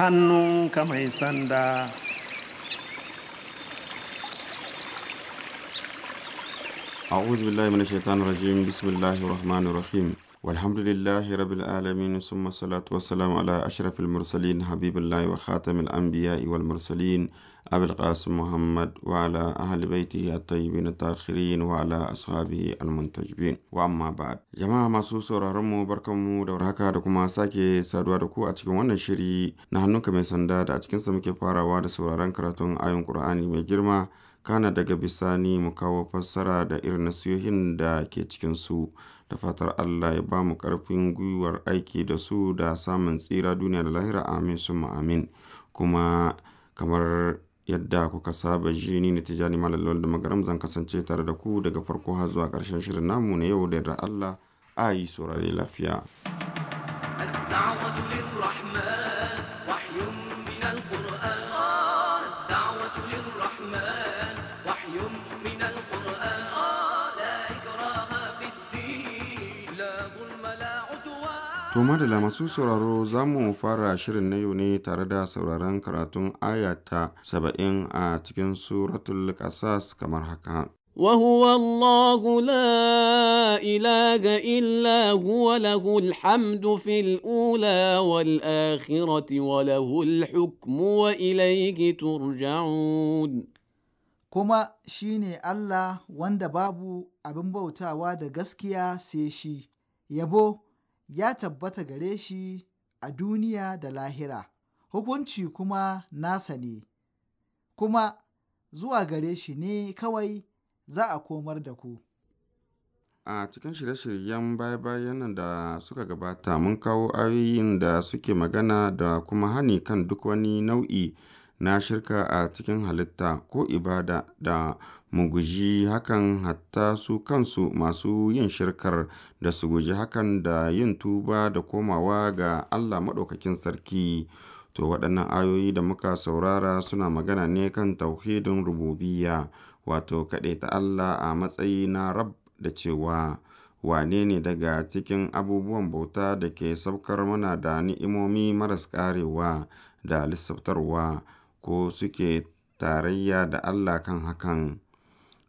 hannunka mai sanda أعوذ بالله من الشيطان الرجيم بسم الله الرحمن الرحيم walhamdulillah rabbil alamin summa salatu wassalamu ala ashrafil mursalin habibillahi wa khatamil anbiya'i wal mursalin abil muhammad wa ala ahli baitihi at-tayyibin na takhirin wa ala ashabihi al-muntajibin wa amma ba'd jama'a masu sauraron barkanmu da warhaka da kuma sake saduwa da ku a cikin wannan shiri na hannunka mai sanda da a cikinsa muke farawa da sauraron karatun ayon qur'ani mai girma kana daga bisani mu kawo fassara da irin nasihohin da ke cikinsu da fatar Allah ya ba mu karfin gwiwar aiki da su da samun tsira duniya da lahira amin su amin kuma kamar yadda kuka saba ji ni ne tijani malalol da magaram zan kasance tare da ku daga farko har zuwa karshen shirin namu na yau da yadda Allah a yi saurare lafiya. To madala masu sauraro za mu fara shirin na yau ne tare da sauraron karatun ayata saba'in a cikin suratul kasas kamar haka. وهو الله لا إله إلا هو له الحمد في الأولى والآخرة وله الحكم وإليه ترجعون كما شيني الله وند بابو أبن بوتا واد غسكيا سيشي yabo ya tabbata gare shi a duniya da lahira, hukunci kuma nasa ne, kuma zuwa gare shi ne kawai za a komar da ku. A cikin shirye-shiryen baya-bayan nan da suka gabata mun kawo ayoyin da suke magana da kuma hani kan duk wani nau'i na shirka a cikin halitta ko ibada da mu guji hakan hatta su kansu masu yin shirkar da su guji hakan da yin tuba da komawa ga Allah maɗaukakin sarki. To waɗannan ayoyi da muka saurara suna magana ne kan tauhidin rububiya, wato kaɗai ta Allah a matsayi na rab da cewa wane ne daga cikin abubuwan bauta da ke saukar mana da ni'imomi maras ƙarewa da lissaftarwa. ko suke tarayya da Allah kan hakan.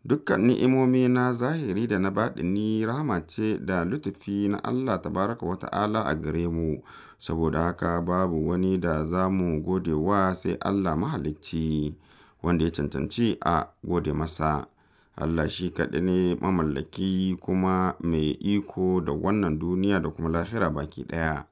Dukkan ni'imomi na zahiri da na baɗini rahama ce da lutufi na Allah ta baraka wa ta'ala a gare mu, saboda haka babu wani da za mu gode wa sai Allah mahalicci wanda ya cancanci a gode masa. Allah shi kaɗai ne mamallaki kuma mai iko da wannan duniya da kuma lahira baki ɗaya.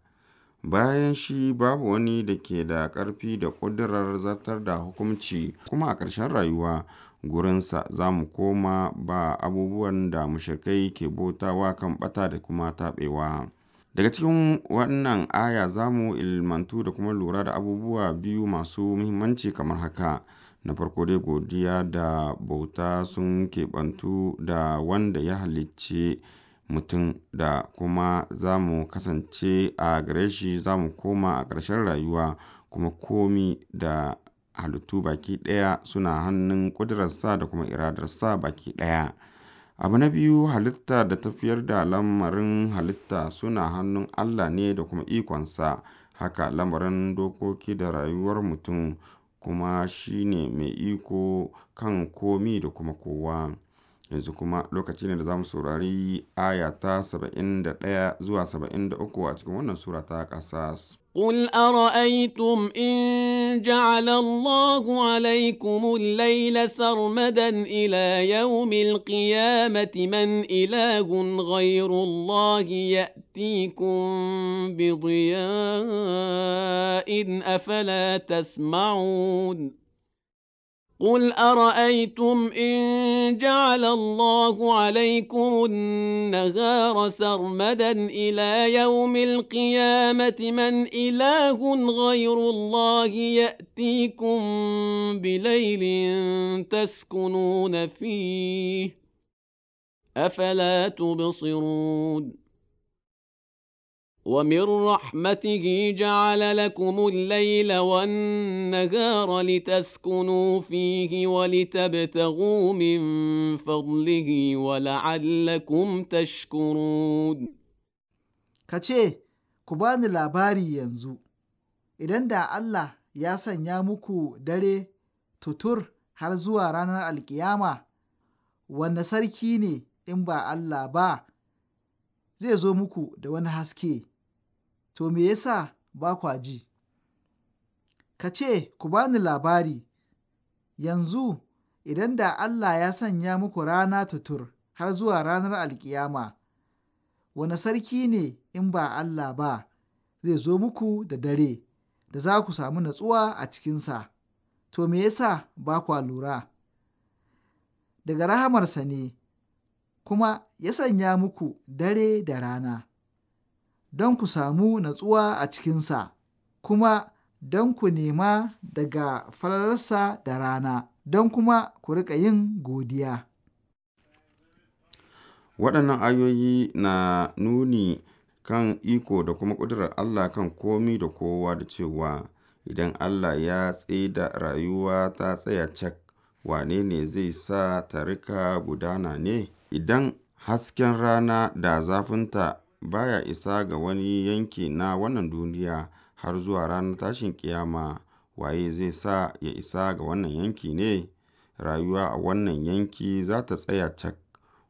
Bayan shi, babu wani da ke da ƙarfi da ƙudurar zartar da hukumci kuma a ƙarshen rayuwa, gurinsa za mu koma ba abubuwan da mushrikai ke bautawa kan ɓata da kuma taɓewa. Daga cikin wannan aya za mu ilmantu da kuma lura da abubuwa biyu masu muhimmanci kamar haka. Na farko dai godiya da bauta sun keɓantu da wanda ya halicce mutum da kuma za mu kasance a gare shi za mu koma a ƙarshen rayuwa kuma komi da halittu baki ɗaya suna hannun ƙudurarsa da kuma iradarsa baki ɗaya. Abu na biyu halitta da tafiyar da lamarin halitta suna hannun Allah ne da kuma ikonsa, haka lamarin dokoki da rayuwar mutum kuma shine mai iko kan komi da kuma kowa. yanzu kuma lokaci ne da za mu saurari aya ta 71 zuwa 73 a cikin wannan sura ta ƙasas. قل أرأيتم إن جعل الله عليكم الليل سرمدا إلى يوم القيامة من إله غير الله يأتيكم بضياء أفلا تسمعون قل أرأيتم إن جعل الله عليكم النهار سرمدا إلى يوم القيامة من إله غير الله يأتيكم بليل تسكنون فيه أفلا تبصرون ومن رحمته جعل لكم الليل والنهار لتسكنوا فيه ولتبتغوا من فضله ولعلكم تشكرون kace ku bani labari yanzu idan da Allah ya sanya muku dare tutur har zuwa ranar alkiyama wanne sarki ne in ba Allah ba zai zo muku da wani haske to me yasa ba kwa ji? Ka ce, Ku bani labari, yanzu idan da Allah ya sanya muku rana tutur har zuwa ranar alkiyama, wane sarki ne in ba Allah ba zai zo muku da dare, da za ku samu natsuwa a cikinsa, to me yasa ba kwa lura? Daga rahamarsa ne, kuma ya sanya muku dare da rana. don ku samu natsuwa a cikinsa, kuma don ku nema daga falalarsa da rana, don kuma ku riƙa yin godiya. Waɗannan ayoyi na nuni kan iko da kuma ƙudurar Allah kan komi da kowa da cewa idan Allah ya tsida rayuwa ta tsaya cak wane ne zai sa tarika gudana ne? Idan hasken rana da zafinta ba ya isa ga wani yanki na wannan duniya har zuwa ranar tashin kiyama waye zai sa ya isa ga wannan yanki ne? Rayuwa a wannan yanki za ta tsaya cak,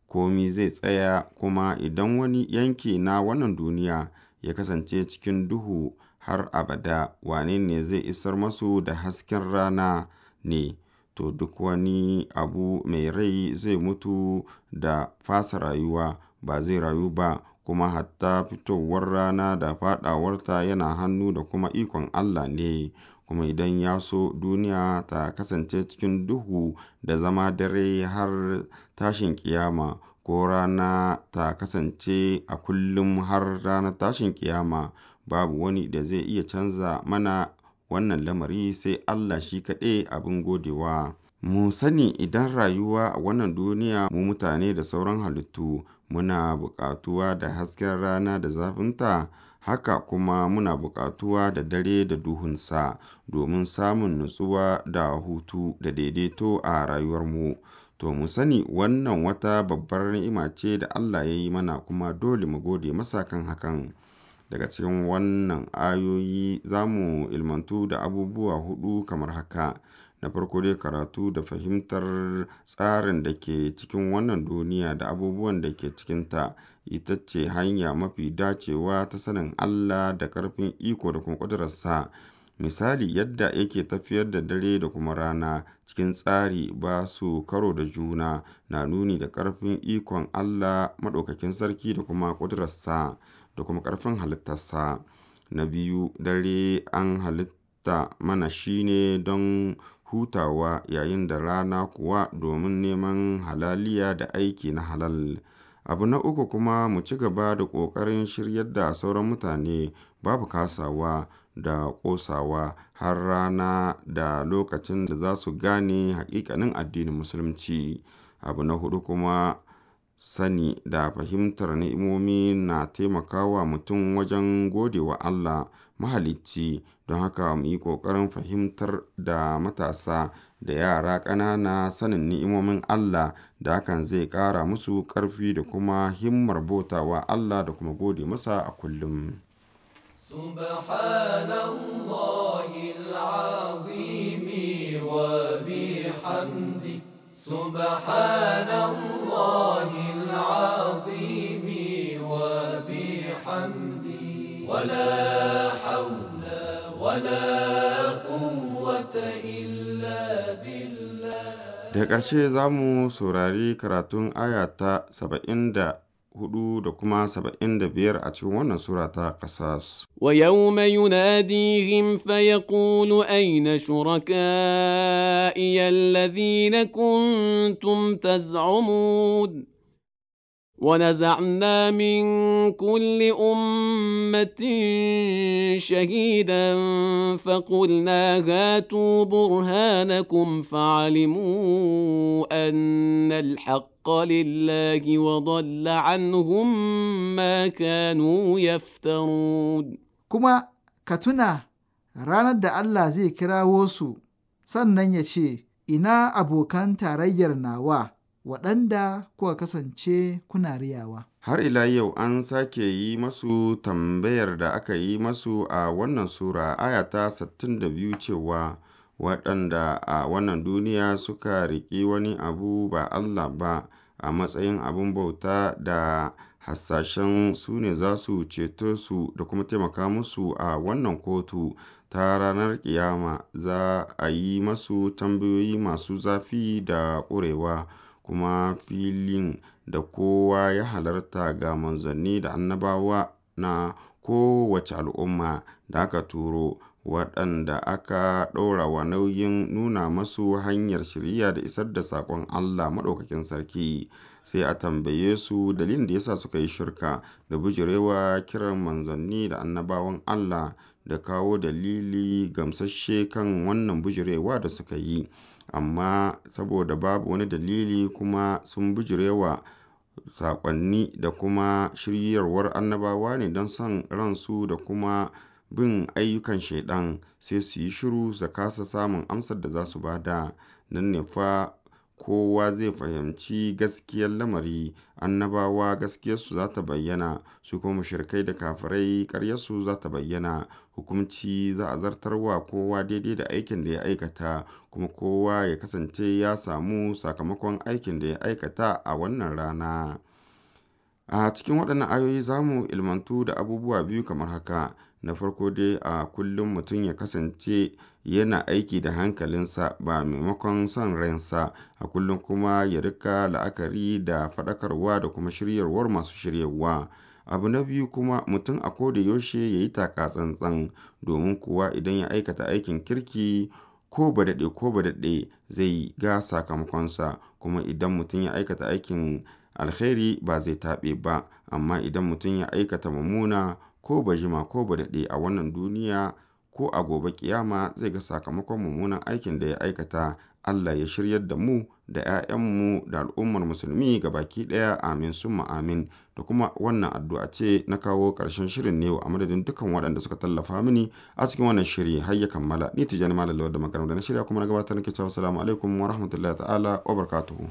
komi zai tsaya kuma idan wani yanki na wannan duniya ya kasance cikin duhu har abada, wane ne zai isar masu da hasken rana ne? To, duk wani abu mai rai zai mutu da fasa rayuwa, ba zai rayu ba, kuma hatta fitowar rana da faɗawarta yana hannu da kuma ikon Allah ne, kuma idan ya so duniya ta kasance cikin duhu da zama dare har tashin kiyama ko rana ta kasance a kullum har rana tashin kiyama babu wani da zai iya canza mana wannan lamari sai Allah shi kaɗai abin godewa. Mu sani idan rayuwa a wannan duniya mu mutane da sauran halittu muna buƙatuwa da hasken rana da zafinta, haka kuma muna buƙatuwa da dare da duhunsa, domin samun nutsuwa da hutu da daidaito a rayuwarmu. To mu sani wannan wata babbar ni'ima ce da Allah ya yi mana kuma dole mu gode masa kan hakan. Daga cikin wannan ayoyi za mu ilmantu da abubuwa huɗu kamar haka. Na farko dai karatu da fahimtar tsarin da ke cikin wannan duniya da abubuwan da ke cikinta, ita ce hanya mafi dacewa ta sanin Allah da karfin iko da kuma ƙudurarsa. Misali, yadda yake tafiyar da dare da kuma rana cikin tsari ba su karo da juna na nuni da karfin ikon Allah Maɗaukakin Sarki da kuma ƙudurarsa da kuma karfin halittarsa. Na biyu, dare an halitta mana shine don hutawa yayin da rana kuwa domin neman halaliya da aiki na halal. Abu na uku kuma mu ci gaba da ƙoƙarin shiryar da sauran mutane babu kasawa da ƙosawa har rana da lokacin da za su gane haƙiƙanin addinin Musulunci. Abu na hudu kuma Sani da fahimtar ni'imomi na taimakawa mutum wajen gode wa Allah Mahalicci, don haka mu yi ƙoƙarin fahimtar da matasa da yara ƙanana sanin ni'imomin Allah da hakan zai ƙara musu ƙarfi da kuma himmar bauta Allah da kuma gode masa a kullum. سبحان ولا حول ولا قوة إلا بالله Da ƙarshe za mu saurari karatun aya ta saba'in da hudu da kuma saba'in da biyar a cikin wannan sura ta ƙasas. Wa yau mai yunadihim fa ya ƙulu aina shuraka iyalladi na kuntum taz'umud. ونزعنا من كل أمة شهيدا فقلنا هاتوا برهانكم فعلموا أن الحق لله وضل عنهم ما كانوا يفترون كما كتنا راند الله Allah zai kirawo su إنا أبو كان تريرنا abokan waɗanda kuka kasance kuna riyawa. Har ila yau an sake yi masu tambayar da aka yi masu a wannan Sura aya da biyu cewa waɗanda a wannan duniya suka riƙi wani abu ba Allah ba a matsayin abin bauta da hasashen su ne za su ceto su da kuma taimaka musu a wannan kotu ta ranar kiyama za a yi masu tambayoyi masu zafi da ƙurewa. kuma filin da kowa ya halarta ga manzanni da annabawa na kowace al'umma da aka turo, waɗanda aka ɗora wa nauyin nuna masu hanyar shirya da isar da saƙon Allah Maɗaukakin Sarki. Sai a tambaye su dalilin da yasa suka yi shirka da bijirewa kiran manzanni da annabawan Allah, da kawo dalili gamsasshe kan wannan bijirewa da suka yi. amma saboda babu wani dalili kuma sun bijirewa saƙonni da kuma shiryarwar annabawa ne don son ransu da kuma bin ayyukan shaidan sai su yi shiru su kasa samun amsar da za su ba Nan ne fa kowa zai fahimci gaskiyar lamari, annabawa gaskiyarsu za ta bayyana, su kuma mushrikai da kafirai ƙaryarsu za ta bayyana. Hukunci za a zartar wa kowa daidai da aikin da ya aikata, kuma kowa ya kasance ya samu sakamakon aikin da ya aikata a wannan rana. A cikin waɗannan ayoyi za mu ilmantu da abubuwa biyu kamar haka. Na farko dai a kullum mutum ya kasance yana aiki da hankalinsa ba maimakon son ransa, a kullum kuma ya rika la'akari da faɗakarwa da kuma shiryarwar masu shiryarwa. Abu na biyu kuma mutum a koda yaushe ya yi taka tsantsan, domin kuwa idan ya aikata aikin kirki ko ba daɗe ko ba daɗe zai ga sakamakonsa. kuma idan mutum ya aikata aikin alkhairi ba zai taɓe ba amma idan mutum ya aikata mumuna ko ba jima ko ba daɗe a wannan duniya ko a gobe ƙiyama zai ga sakamakon mummunan aikin da ya aikata Allah ya shiryar da mu da 'ya'yanmu da al'ummar musulmi ga baki ɗaya amin summa amin da kuma wannan addu'a ce na kawo ƙarshen shirin ne a madadin dukkan waɗanda suka tallafa mini a cikin wannan shiri har ya kammala ni tijani malam da magaram da na shirya kuma na gabatar ke cewa salamu alaikum wa rahmatullahi ta'ala wa barakatuhu